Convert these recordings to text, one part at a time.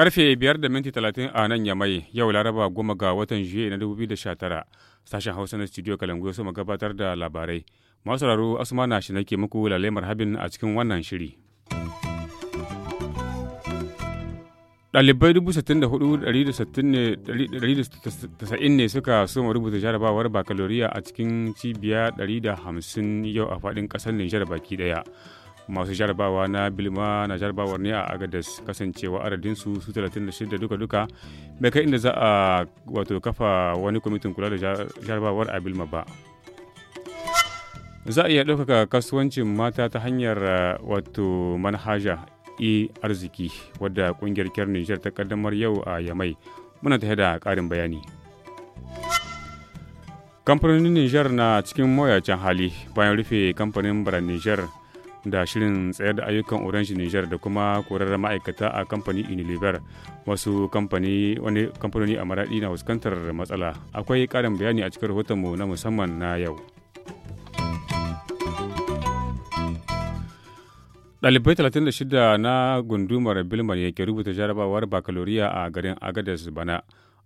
Karfe biyar da minti talatin a nan ya Yamai yau Laraba goma ga watan Juye na 2019 sashen Hausa na studio Kalangu ya soma gabatar da labarai. Masu raro Asuma na shi nake muku lalemar habin a cikin wannan shiri. Ɗalibai 64,190 ne suka soma rubuta jarabawar bakaloriya a cikin cibiya 150 yau a faɗin ƙasar Nijar baki daya Masu jarabawa na Bilma na jarabawar ne a Agadas kasancewa adadinsu su 36 duka-duka bai kai inda za a wato kafa wani kwamitin kula da jarabawar a Bilma ba. Za a iya ɗaukaka kasuwancin mata ta hanyar wato manhaja yaƙi arziki wadda ƙungiyar kyar Nijar ta ƙaddamar yau a Yamai. Muna tafiya da ƙarin bayani. Kamfanonin Nijar na cikin mawuyacin hali bayan rufe kamfanin baran Nijar da shirin tsayar da ayyukan Orange Nijar da kuma korar ma'aikata a kamfanin Unilever wasu kamfani wani kamfanoni a maraɗi na fuskantar matsala. Akwai ƙarin bayani a cikin rahotonmu na musamman na yau. Ɗalibai 36 na gundumar Bilmar ke rubuta jarabawar bakaloriya a garin Agadez bana.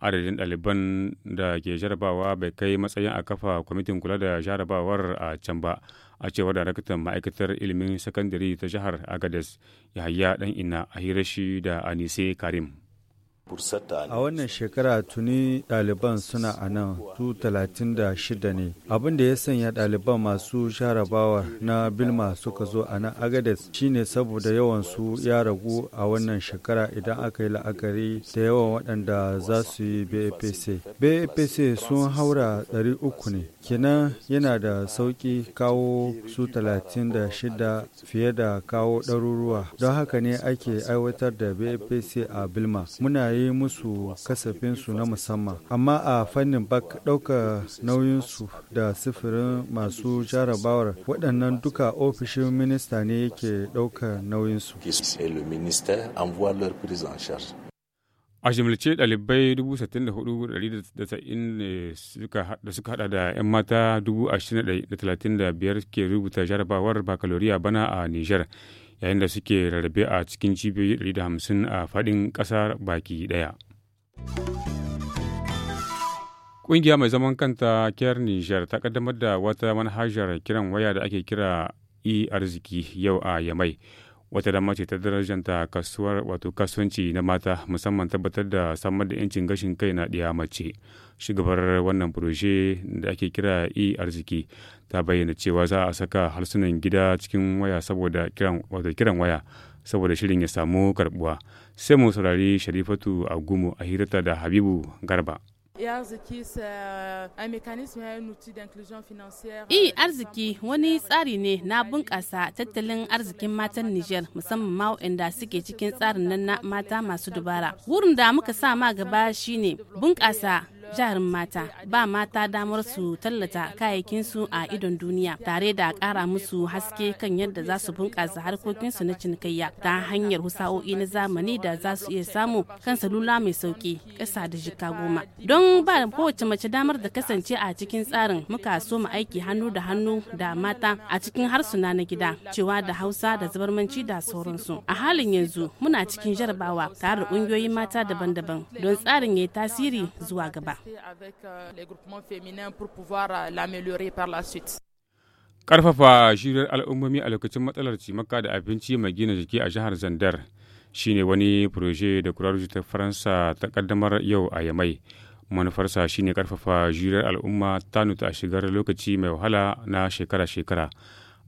Adadin ɗaliban da ke jarabawa bai kai matsayin a kafa kwamitin kula da jarabawar a can ba, a cewar daraktan ma'aikatar ilimin sakandare ta jihar Agadez, Yahaya ɗan ina a hirashi da Anise Karim. A wannan shekara tuni ɗaliban suna a nan su talatin da shida ne. Abin da ya sanya ɗaliban masu sharabawa na Bilma suka zo a nan Agades shine saboda yawan su ya ragu a wannan shekara idan aka yi la'akari da yawan waɗanda za su yi BAPC. BAPC sun haura uku ne. Kenan yana da sauƙi kawo su talatin da shida fiye da kawo ɗaruruwa. Don haka ne ake aiwatar da BAPC a Bilma. Muna yi yi musu kasafinsu na musamman amma a fannin bak ɗauka nauyinsu da sifirin masu jarabawar waɗannan duka ofishin minista ne yake ɗauka nauyinsu a shimilce ɗalibai 64,190 da suka hada da 'yan mata 20,35 ke rubuta jarabawar bakaloriya bana a niger. yayin da suke rarrabe a cikin cibiyoyi 150 a faɗin ƙasar baki ɗaya. Ƙungiya mai zaman kanta Kiyar Nijar ta ƙaddamar da wata manhajar kiran waya da ake kira e-arziki yau a Yamai. wata dama ce ta darajanta kasuwar wato kasuwanci na mata musamman tabbatar da samar da yancin gashin kai na ɗiya mace shugabar wannan furoshe da ake kira e arziki ta bayyana cewa za a saka harsunan gida cikin waya saboda kiran wato kiran waya saboda shirin ya samu karbuwa sai mu saurari sharifatu agumu a hirata da habibu garba Euh, e arziki euh, wani tsari ne euh, na bunƙasa tattalin arzikin matan Nijar musamman ma waɗanda suke cikin tsarin nan na mata masu dubara. Wurin da muka sa ma gaba shine bunƙasa jihar mata ba mata damar su tallata kayayyakinsu a idon duniya tare da ƙara musu haske kan yadda za su bunƙasa harkokinsu na cinikayya ta hanyar husa'o'i na zamani da za su iya samu kan salula mai sauƙi ƙasa da jika goma don ba kowace mace damar da kasance a cikin tsarin muka so mu aiki hannu da hannu da mata a cikin harsuna na gida cewa da hausa da zabarmanci da sauransu a halin yanzu muna cikin jarabawa tare da ƙungiyoyin mata daban-daban don tsarin ya yi tasiri zuwa gaba concertée avec euh, euh, Karfafa al'ummomi a lokacin matsalar cimaka da abinci mai gina jiki a jihar Zandar shine wani furoje da kurar ta Faransa ta kaddamar yau a Yamai. Manufarsa shine karfafa jirar al'umma ta nuta a shigar lokaci mai wahala na shekara-shekara.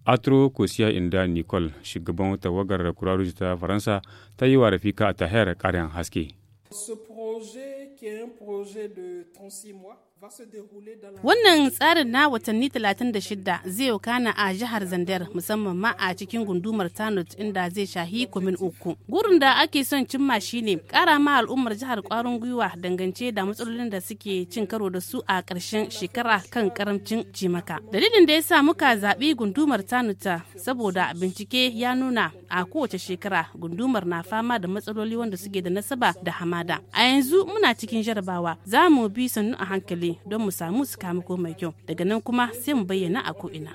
Atro Kosiya Inda Nicole, shugaban tawagar kurar ta Faransa, ta yi wa Rafika a Tahir ƙarin haske. Ce projet qui est un projet de 36 mois Wannan tsarin na watanni 36 zai wakana a jihar Zandar musamman ma a cikin gundumar Tanut inda zai shahi kumin uku. Gurin da ake son cimma shine kara ma al'ummar jihar kwarin gwiwa dangance da matsalolin da suke cin karo da su a ƙarshen shekara kan karamcin cimaka. Dalilin da ya sa muka zaɓi gundumar Tanuta saboda bincike ya nuna a kowace shekara gundumar na fama da matsaloli wanda suke da nasaba da hamada. A yanzu muna cikin jarabawa za mu bi sannu a hankali don mu samu sakamako mai kyau daga nan kuma sai mu bayyana a ko'ina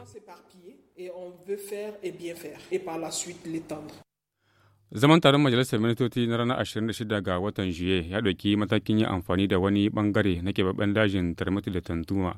zaman taron majalisar ministoci na ranar 26 ga watan juye ya ɗauki matakin yin amfani da wani bangare na keɓaɓɓen dajin tarmati da tantuma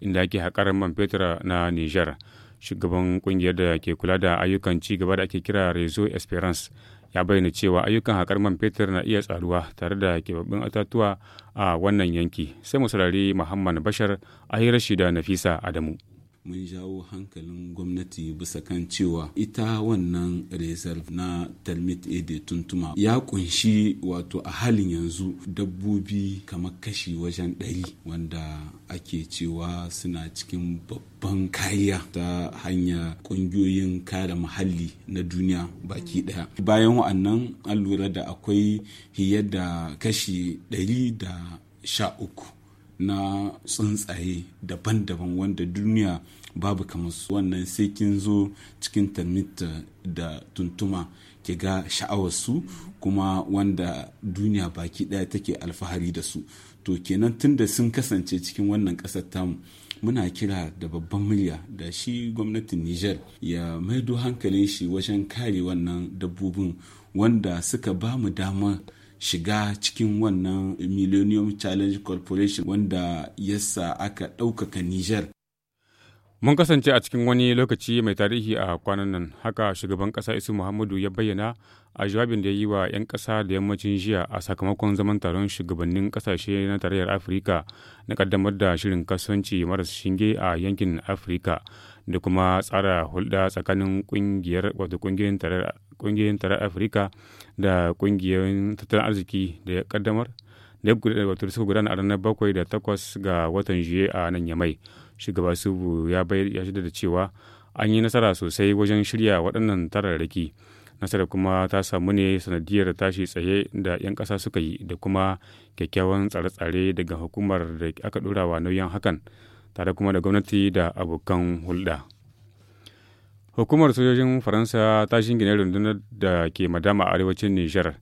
inda ake haƙar man fetur na nijar shugaban ƙungiyar da ke kula da ayyukan ci gaba da ake kira rezo esperance ya bayyana cewa ayyukan haƙar man fetur na iya tsaruwa tare da kebabbin atatuwa a wannan yanki sai mu saurari muhammad bashar a hirar shi nafisa adamu mun jawo hankalin gwamnati bisa kan cewa ita wannan reserve na talmit ede tuntuma ya kunshi wato a halin yanzu dabbobi kamar kashi wajen ɗari wanda ake cewa suna cikin babban kariya ta hanya ƙungiyoyin kare muhalli na duniya baki mm. ɗaya bayan wa'annan an lura da akwai fiye da kashi ɗari da sha uku na tsuntsaye daban-daban wanda duniya babu kamar su wannan sai kin zo cikin tarmita da tuntuma ke ga sha'awarsu kuma wanda duniya baki ɗaya take alfahari da su to kenan tunda sun kasance cikin wannan ƙasar tamu muna kira da babban murya da shi gwamnatin Nijar ya maido hankalin shi wajen kare wannan dabbobin wanda suka ba mu damar shiga cikin wannan millennium challenge corporation wanda yasa aka ɗaukaka niger mun kasance a cikin wani lokaci mai tarihi a kwanan nan haka shugaban ƙasa isu muhammadu ya bayyana a jawabin da ya yi wa 'yan ƙasa da yammacin jiya a sakamakon zaman taron shugabannin ƙasashe na tarayyar afirka na ƙaddamar da shirin kasuwanci maras shinge a yankin afirka da kuma tsara hulɗa tsakanin ƙungiyar wato ƙungiyoyin tarar afirka da ƙungiyoyin tattalin arziki da ya kaddamar da wato suka gudana a ranar bakwai da takwas ga watan juye a nan yamai shugaba subu ya ya shaida da cewa an yi nasara sosai wajen shirya waɗannan tararraki nasarar kuma ta samu ne sanadiyar tashi tsaye da 'yan ƙasa suka yi da kuma kyakkyawan tsare-tsare daga hukumar da aka ɗorawa nauyin hakan tare kuma da gwamnati da abokan hulɗa. Hukumar sojojin Faransa ta shingine rundunar da ke madama a arewacin Nijar.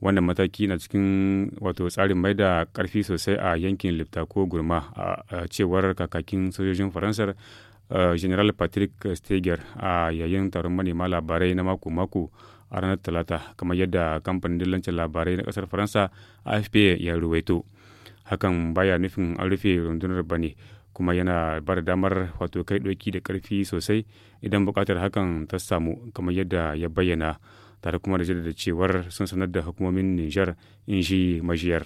Wannan mataki na cikin wato tsarin mai da karfi sosai a yankin Lipta ko Gurma a cewar kakakin sojojin Faransar General Patrick Steger a yayin taron manema labarai na mako-mako a ranar Talata kamar yadda kamfanin dillancin labarai na ƙasar Faransa AFP ya ruwaito. Hakan baya nufin an rufe rundunar bane kuma yana ba da damar wato kai ɗauki da karfi sosai idan bukatar hakan ta samu kamar yadda ya bayyana tare kuma da jaddada cewar sun sanar da hukumomin nijar in shi majiyar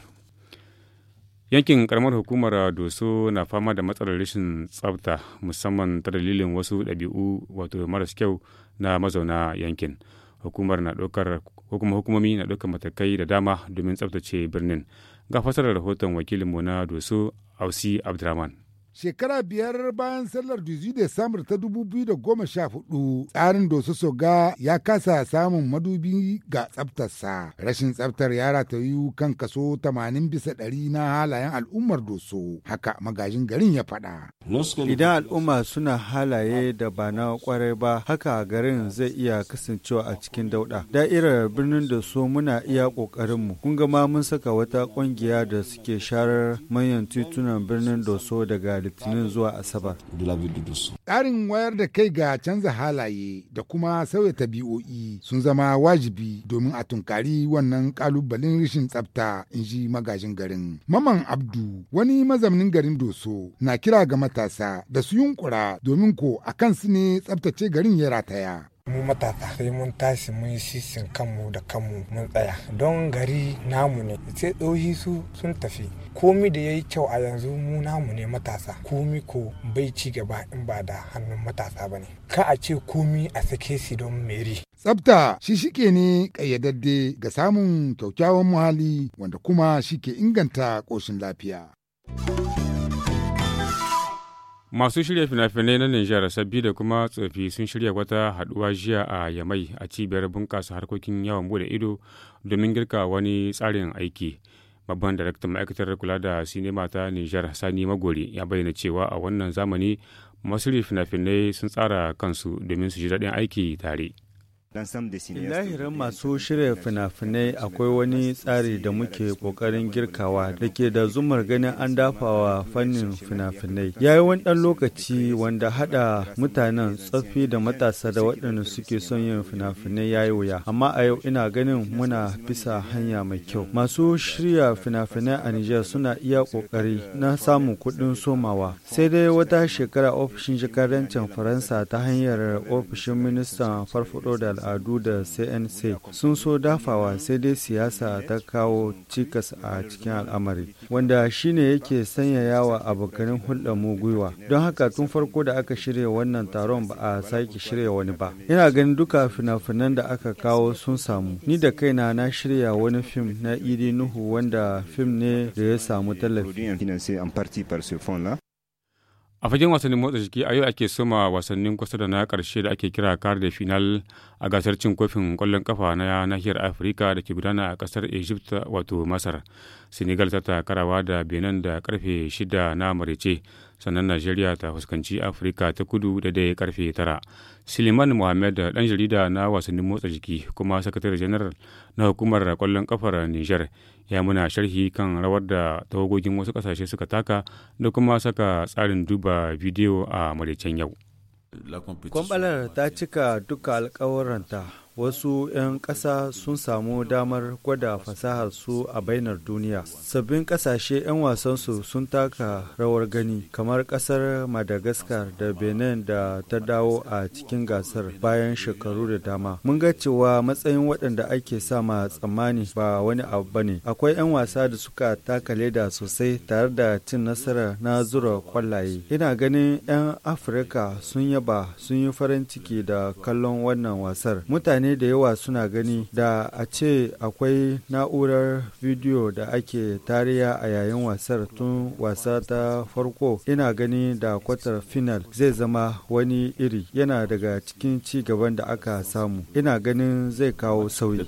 yankin karamar hukumar doso na fama da matsalar rashin tsafta musamman ta dalilin wasu ɗabi'u wato maras kyau na mazauna yankin hukumar na ɗaukar hukuma hukumomi na ɗaukar matakai da dama domin tsaftace birnin ga fasarar rahoton wakilinmu na doso ausi abdurrahman Shekara biyar bayan sallar Dizu samar ta dubu biyu da sha hudu, tsarin dosu soga ya kasa samun madubi ga tsaftarsa. Rashin tsaftar ya ratayu kan kaso tamanin bisa ɗari na halayen al'ummar doso. Haka magajin garin ya faɗa. Idan al'umma suna halaye da ba na kwarai ba haka garin zai iya kasancewa a cikin dauɗa. Da'irar birnin doso muna iya ƙoƙarinmu. Kun gama mun saka wata ƙungiya da suke sharar manyan titunan birnin doso daga litinin zuwa asabar tsarin wayar da kai ga canza halaye da kuma sauya tabi'o'i sun zama wajibi domin a tunkari wannan kalubalen rashin tsafta in ji magajin garin maman abdu wani mazamnin garin doso na kira ga matasa da su yunkura domin ko a kansu ne tsaftace garin ya rataya mu matasa sai mun tashi mun yi sisin kanmu da kanmu mun tsaya don gari namu ne sai tsohi su sun tafi komi da ya yi kyau a yanzu mu namu ne matasa komi ko bai ci gaba in ba da hannun matasa ba ne ka a ce komi a sake si don meri tsabta shi shike ne kayyadadde ga samun kyaukyawan muhalli wanda kuma shi ke inganta ƙoshin lafiya. Masu shirya fina-finai na Nijar sabbi da kuma tsofi sun shirya wata haduwa jiya a Yamai a cibiyar bunƙasa harkokin yawon bude ido domin girka wani tsarin aiki. Babban daraktan ma'aikatar kula da sinima ta Nijar Sani Magori ya bayyana cewa a wannan zamani masu fina-finai sun tsara kansu domin su ji daɗin aiki tare. lahirin masu shirya fina-finai akwai wani tsari da muke kokarin girkawa da ke da zumar ganin an dafawa fannin fina-finai ya yi wani ɗan lokaci wanda haɗa mutanen tsaffi da matasa da waɗanda suke son yin fina-finai ya yi wuya amma a yau ina ganin muna bisa hanya mai kyau masu shirya fina-finai a nijar suna iya ƙoƙari na samun kuɗin somawa sai dai wata shekara ofishin jikarancin faransa ta hanyar ofishin ministan farfaɗo da al'adu da cnc sun so dafawa sai dai siyasa ta kawo cikas a cikin al'amari wanda shine yake sanyaya wa abokanin hulɗar mu gwiwa don haka tun farko da aka shirya wannan taron ba a sake shirya wani ba ina ganin duka fina-finan da aka kawo sun samu ni da kaina na shirya wani fim na idi nuhu wanda fim ne da ya samu tallafi a fagen wasannin motsa jiki a yau ake soma wasannin kusa da na karshe da ake kira kar da final a gasar cin kofin kwallon kafa na nahiyar afirka da ke gudana a kasar egypt wato masar senegal ta karawa da benin da karfe shida na marice sannan najeriya ta fuskanci afirka ta kudu da dai karfe tara suleiman muhammed dan jarida na wasannin motsa jiki kuma sakatare janar na hukumar kwallon kafar niger ya muna sharhi kan rawar da tawagogin wasu kasashe suka taka da kuma saka tsarin duba bidiyo a maraicen yau kwambalar ta cika duka alkawuranta wasu 'yan ƙasa sun samu damar gwada fasahar su a bainar duniya. Sabbin ƙasashe 'yan wasansu sun taka rawar gani kamar ƙasar Madagascar da Benin da ta dawo a cikin gasar bayan shekaru da dama. Mun ga cewa matsayin waɗanda ake sa ma tsammani ba wani abu ba ne. Akwai 'yan wasa da suka taka leda sosai tare da cin nasara na zura kwallaye. Ina ganin 'yan Afirka sun yaba sun yi farin ciki da kallon wannan wasar. Mutane mutane da yawa suna gani da a ce akwai na'urar bidiyo da ake tariya a yayin wasar tun wasa ta farko ina gani da kwatar final zai zama wani iri yana daga cikin ci gaban da aka samu ina ganin zai kawo sauyi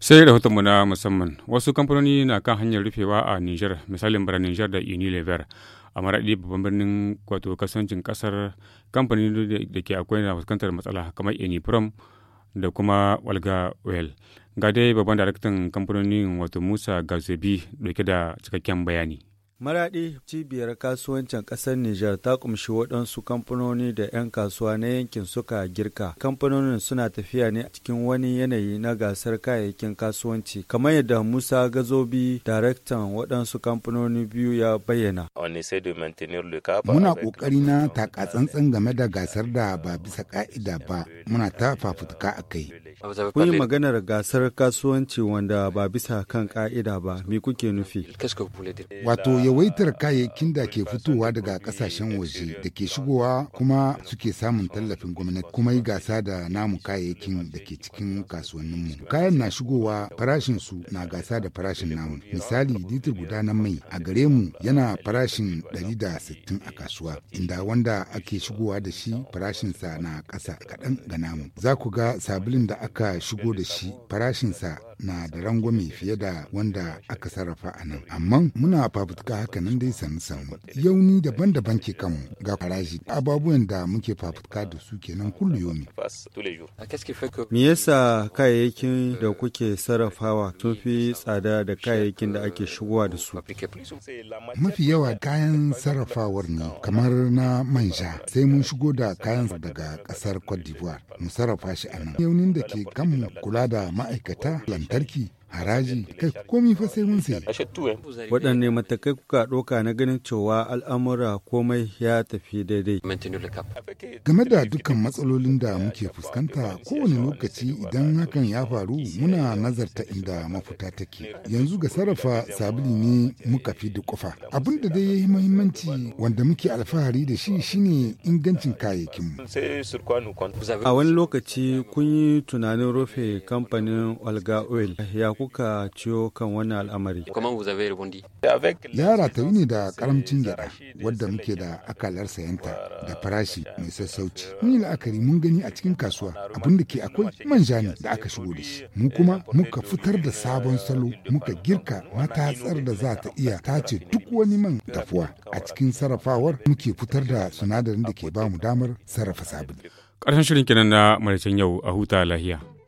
sai da rahotonmu na musamman wasu kamfanoni na kan hanyar rufewa a niger misalin bara niger da unilever a maraɗi babban birnin wato kasancin kasar kamfanin da ke akwai na fuskantar matsala kamar eniprom da kuma walga oil ga dai babban daraktan kamfanonin wato musa gazebi dauke da cikakken bayani Maraɗi cibiyar kasuwancin ƙasar Nijar ta kumshi waɗansu kamfanoni da 'yan kasuwa na yankin suka girka. Kamfanonin suna tafiya ne a cikin wani yanayi na gasar kayayyakin kasuwanci, kamar yadda Musa Gazobi, daraktan waɗansu kamfanoni biyu ya bayyana. Muna ƙoƙari na tsantsan game da gasar da ba bisa ƙa'ida ba, muna ta fafutuka a kai. Kun yi maganar gasar kasuwanci wanda ba bisa kan ƙa'ida ba, me kuke nufi? Wato yawaitar kayayyakin da ke fitowa daga kasashen waje da ke shigowa kuma suke samun tallafin gwamnati kuma yi gasa da namu kayayyakin da ke cikin kasuwanninmu kayan na shigowa farashin su na gasa da farashin namu misali litir guda na mai a gare mu yana farashin 160 a kasuwa inda wanda ake shigowa da shi farashinsa na ƙasa kaɗan ga namu za ku ga sabulin da aka shigo da shi farashinsa na da rangwame fiye da wanda aka sarrafa a nan. Amma muna fafutuka haka nan dai sannu sannu. Yauni daban-daban ke kanmu ga farashi ababuwan da muke fafutuka da su kenan yomi. Me yasa kayayyakin da kuke sarrafawa sun fi tsada da kayayyakin da ake shigowa da su? Mafi yawa kayan sarrafawar ne kamar na manja sai mun shigo da kayan daga kasar Cote d'Ivoire mu sarrafa shi a nan. Yaunin da ke kanmu kula da ma'aikata lantarki. lantarki haraji kai komi fa sai mun sai waɗanne matakai kuka ɗauka na ganin cewa al'amura komai ya tafi daidai game da dukkan matsalolin da muke fuskanta kowane lokaci idan hakan ya faru muna nazarta inda mafuta take yanzu ga sarrafa sabili ne muka fi da kufa abin da dai yayi muhimmanci wanda muke alfahari da shi shine ingancin kayayyakin a wani lokaci kun yi tunanin rufe kamfanin olga oil ya kuka ciyo kan wannan al'amari? Yara ta ne da karamcin gyada wadda muke da akalar sayanta da farashi mai sassauci. Mun yi la'akari mun gani a cikin kasuwa abin da ke akwai manja ne da aka shigo da shi. Mu kuma muka fitar da sabon salo muka girka matatsar da za ta iya tace duk wani man tafuwa a cikin sarrafawar muke fitar da sinadarin da ke ba mu damar sarrafa sabulu. Ƙarshen shirin kenan na maraicen yau a huta lahiya.